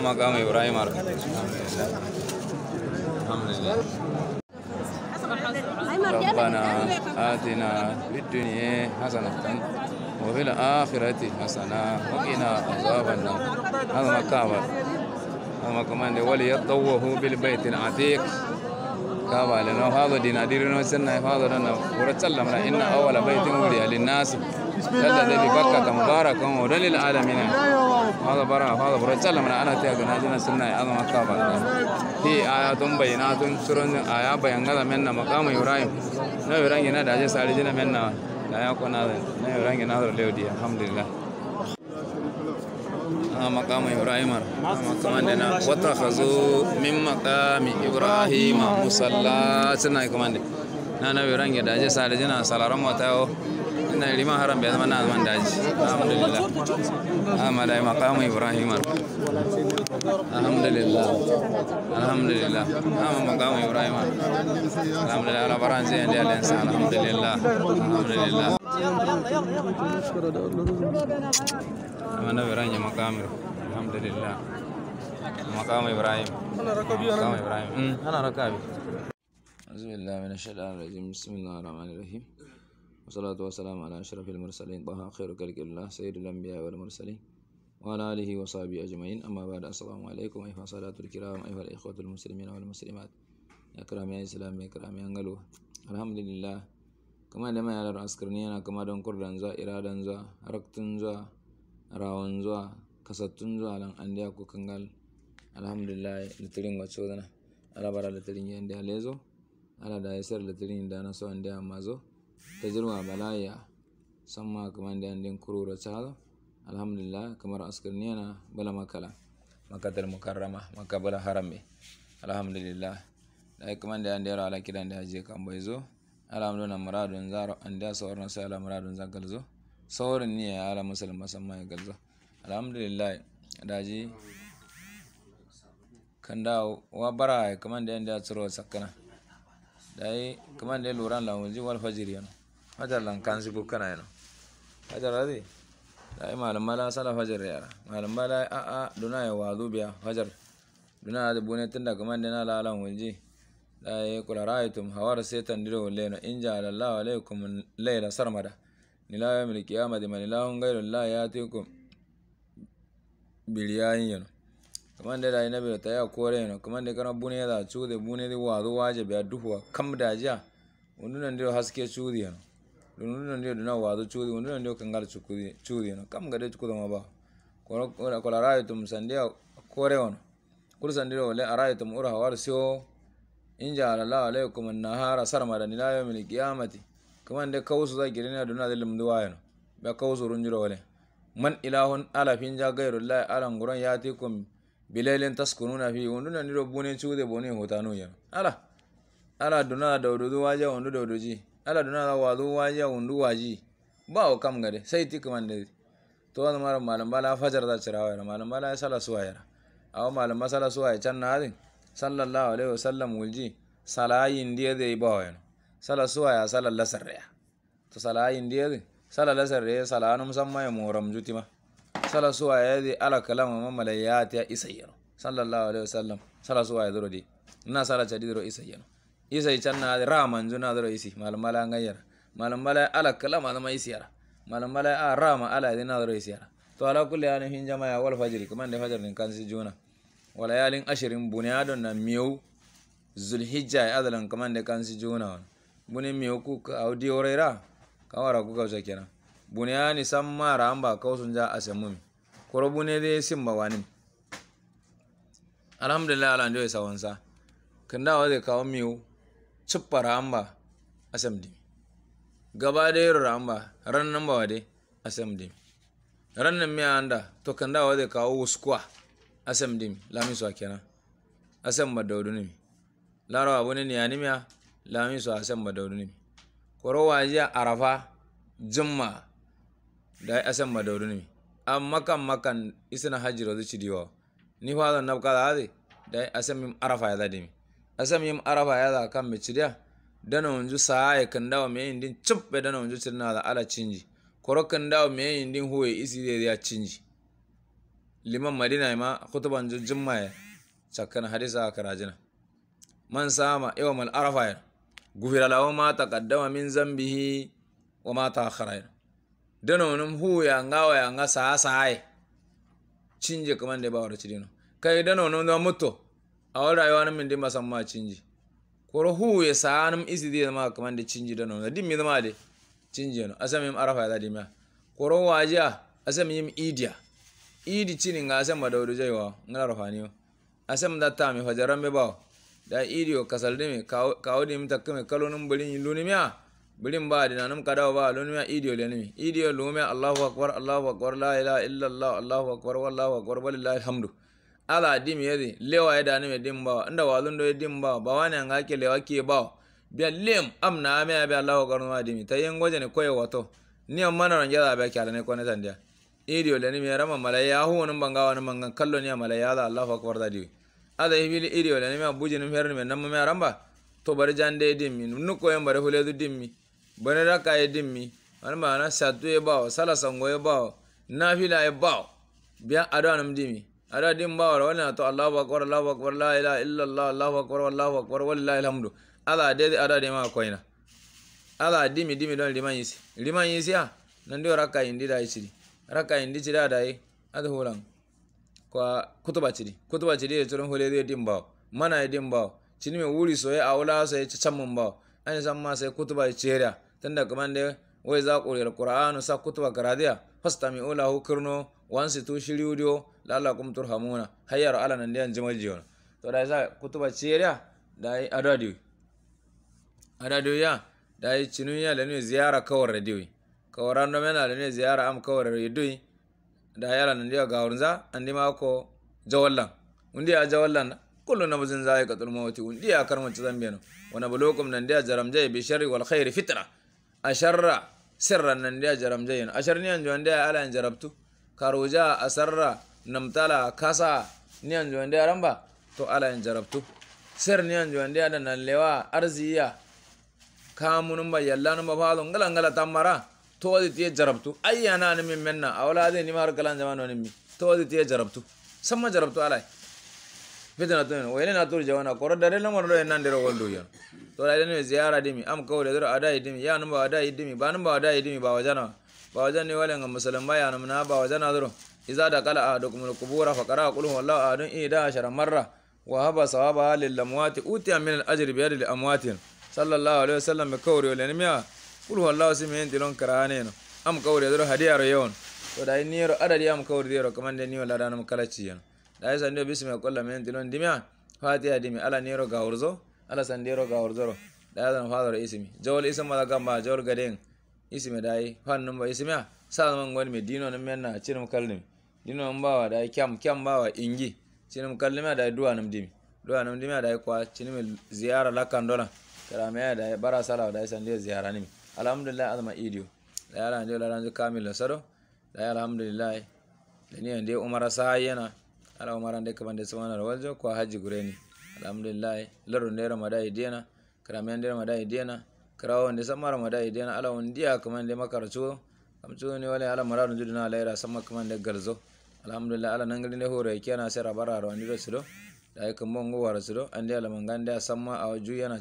مقام ابراهيم الحمد لله ربنا آتنا في الدنيا حسنة وفي الآخرة حسنة وقنا عذاب النار هذا مكابر هذا كمان يطوه بالبيت العتيق كابا لأنه هذا دين أديرنا سنة هذا لنا ورسلنا إن أول بيت ولي للناس الذي ببكة مبارك ودليل العالمين Allah barah, Allah barah. Cepat lah mana anak tiak guna jenah senai. Allah bayi, na tuh suron ayah bayi enggak lah menna makam yang urai. Na dah jenah sari jenah menna. aku nade, na urai gina tuh leh dia. Alhamdulillah. Ibrahim, makam ini na. Watahazu mimmakam Ibrahim, musallah. Senai kemana? Na na urai gina dah jenah sari jenah salaram watahoh. wannan rima haram bai zama na zaman daji alhamdulillah amma da maqamu ibrahim alhamdulillah alhamdulillah amma maqamu ibrahim alhamdulillah ala baran zai da lan sa alhamdulillah alhamdulillah amma na biranya maqamu alhamdulillah مقام ابراهيم انا ركبي انا مقام ابراهيم انا ركبي اعوذ بالله من الشيطان الرجيم بسم الله الرحمن الرحيم والصلاة والسلام على أشرف المرسلين طه خير خلق الله سيد الأنبياء والمرسلين وعلى آله وصحبه أجمعين أما بعد السلام عليكم أيها الصلاة الكرام أيها الإخوة المسلمين والمسلمات يا كرام يا إسلام يا كرام يا أنجلو الحمد لله كما لما يعلى الأسكرنيين كما دون كردان زا إرادان زا ركتن زا راون زا kasattun zuwa lan an da ku kangal alhamdulillah litirin wacce wadana ala bara litirin yan da lezo ala da yasar litirin da na so an da mazo ta jirwa balaya san ma kamar da yanzu kurora ta alhamdulillah kamar askar ne na bala makala makadar mukarrama makabala haram mai alhamdulillah da ya kamar da yanzu yara ala kidan da haji kan bai zo alhamdulillah muradun zara an da sauran na sai alamuradun zan galzo saurin ne ya ala musulun masamman ya galzo alhamdulillah da haji kan dawo wa bara ya kamar da yanzu ya tsiro sakkanan dai kaman da loran la wonji wal fajir yana hajar lan kan zubu kana yana hajar Da dai malam mala sala fajar yara malam mala a a duna ya wazu biya fajar duna da bune tun kaman man na la lan wonji dai kula ra'aytum hawar setan dire wallena in ja lallahu alaikum layla sarmada nila yawmil qiyamati man ilahun ghayru allah yatikum biliyayin yana kamar da na bai ta ya kore kamar kamande kana bune da da bune da wa do waje ba duhwa kam da ja ununa da haske chude wannan ununa da na wa do chude ununa ndio kangala chude chude no kam gade da ma ba kola kola rayo tum sandia kore ono kul sandiro wala arayo tum ura hawar sio inja ala alaikum an-nahara sarmada nila yawmil qiyamati da kawsu za girina da de lumduwa no be kawsu runjiro wala man ilahun alafin ja gairul la alan guran yatikum bilailen taskununa fi wonduna niro bune cude bune hotanu ya ala ala dona da ododu waje wondu da odoji ala dona da wadu waje wondu waji ba o kam gade sai tik man de to an mara malam bala fajar da cirawa ya malam bala ya sala suwa ya aw malam masala suwa ya can na hadin sallallahu alaihi wasallam wulji salayin diye de ba ya sala suwa ya sala lasar ya to salayin diye sala lasar ya sala anum samma ya muram jutima sala suwa ya zai ala kalama mamala ya ta yano sallallahu alaihi wasallam sala suwa ya duro di na sala chadi duro isa isai channa zai can na duro isi malmala ngayar malmala ala kalama isi yara malamala ya rama ala zina na isi yara to ala kulli an hin jama'a wal fajiri kaman da fajar nin kansu juna wala yalin ashirin bunyadon na miyau zulhijja ya adalan kaman da kansu juna wani bunin miyau ku audi rera kawara ku kausa kenan ja a samun kuro bune koro sin ba wani alhamdulillah ala njoye sawansa kanda zai kawo miyu cippa a samdi gaba da yaro ra'an ba rannan ba wade a samdi rannan miya anda to kanda zai kawo wuskwa a lami su kenan asem ba daudu ne larawa bune ne yanimiya lami su samba ba daudu ne koro wajiya arafa jimma da asan madawruni amma kan makan hajji da zuci cidiwa ni fa zan nabka da hazi da asan yin arafa ya zadimi asan yin arafa ya zaka kan mi cidiya dana wanzu ya kan dawa me yin din cip be dana wanzu cirna da ala cinji koro kan dawa me yin din huwe isi zai ya cinji liman madina ma khutuban jumma ya cakkan hadisa a karajina man sama yawmal arafa ya gufira lahu ma kaddama min zambihi wa ma ta'akhkhara dano num hu ya nga wa ya nga sa sa ai cinje kaman da ba wa chidino kai dano num da muto a wara rayuwa nan min dai masan ma cinje koro hu ya sa num izi dai ma kaman da cinje dano da dimmi zama dai cinje no asami im arafa da dimma koro waja asami im idia idi cini nga asam ma dawdu jaiwa ngala rafaniyo asam da mi fajaran me ba da idio kasal dimi kawo dimi takkame kalo num bulin luni birin ba dina nam kadawa ba lunu ya idio lenmi idio lume allahu akbar allahu akbar la ilaha illa allah allahu akbar wallahu akbar walillahi alhamdu ala dim yedi lewa ya dani me dim ba inda walun do dim ba ba wani an ake lewa ke ba bi lem amna ame bi allahu akbar ma dim yin goje ne koyo wato ni amma na a ba kyala ne ko ne tandiya idio ya rama malaya hu nan banga wani mangan kallo ni malaya ala allahu akbar da diwi ada hibili idio lenmi abuje nim herni me namma ya ramba to bari jande dimmi nuko bari bare dimmi bana da ka yi mi wani na satu ya bawo sala sango ya bawo la ya bawo biya adwa nam dimi adwa dim bawo na to allahu akbar allahu akbar la ilaha Allahu allah allahu akbar wallahu akbar wallahi alhamdu ala de ada de ma koina ala dimi dimi don liman yisi liman yisi ha nan do raka indi da yisi raka indi ci da dai hulan, kwa kutuba ci kutuba ci de turun hole de dim bawo mana ya dim bawo cini me wuri soyayya a wula soye ci chammun bawo an zamma sai kutuba ceriya tunda kaman da wai za ku rera qur'anu sa kutuba karadiya fastami'u lahu kirno wansi tu shiriudio la'allakum hamuna hayyar ala nan diyan jimal jiyon to da za kutuba ceriya da yi adadiyo adadiyo ya da yi cinuya ya ne ziyara kawar radiyo kawar no mena da ne ziyara am kawar radiyo da yala nan diya gawrunza andi mako jawallan undi ya jawallan na kullu nafsin za'iqatul maut un diya karma ci zambe no wana bulukum nan jaram jai bi sharri wal khairi fitra sharra, sirran nan diya jaramjay no ashar ni anjo ndiya ala an jarabtu karuja asarra namtala kasa ni anjo ndiya ramba to ala an jarabtu sir ni anjo ya da nan lewa arziya kamunun ba nan ba falon ngala ngala tamara to wadi tiye jarabtu ayyana ni min menna wala zai ni har kalan na ni min? to wadi tiye jarabtu samma jarabtu alai fitna tun wa ilana tur jawana koro dare la moro en nandiro goldu yon to la dene ziyara dimi am kawle doro ada dimi ya namba ada dimi ba namba ada dimi ba wajana ba wajan ne walen musulman ba ya namna ba wajana doro iza da kala a dukumul kubura fa qara qul huwallahu ahadun ida ashara marra wa haba sawaba lil amwati utiya min al ajri bi yadil amwati sallallahu alaihi wasallam be kawri wala ne miya qul huwallahu simin dilon karane no am kawre doro hadiyaro yon to da ni yaro adadi am kawre dero kamande ni wala danam kalaci yana san dio bismi akolla men dilon dimia fatiha dimi ala nero gaurzo ala sandero dero gaurzo dai san fadoro ismi jawol ism mala gamba jawol gaden ismi dai fan numba ismiya sa man gon mi dino nan menna cinum kallim dino mba wa dai kyam kyam wa ingi cinum kallima dai duwa nan dimi duwa nan dimi dai kwa cinum ziyara lakandola me dai bara sala dai dio ziyara nimi alhamdulillah azma idio dai ala ndio la ranzo kamil sado dai alhamdulillah dani ande umara sayena ala umarande kamande samana waljo kwa haji gureni alhamdulillah laru ndera madai diena karamiya ndera madai diena karawo nde samara madai idena ala undia kamande makarcho kamcho ni wale ala mararu juduna laira sama kamande garzo alhamdulillah ala nangri ne hore kiana sera bararo ndiro sudo da ay kambo ngwara sudo ande ala mangande samma awju yana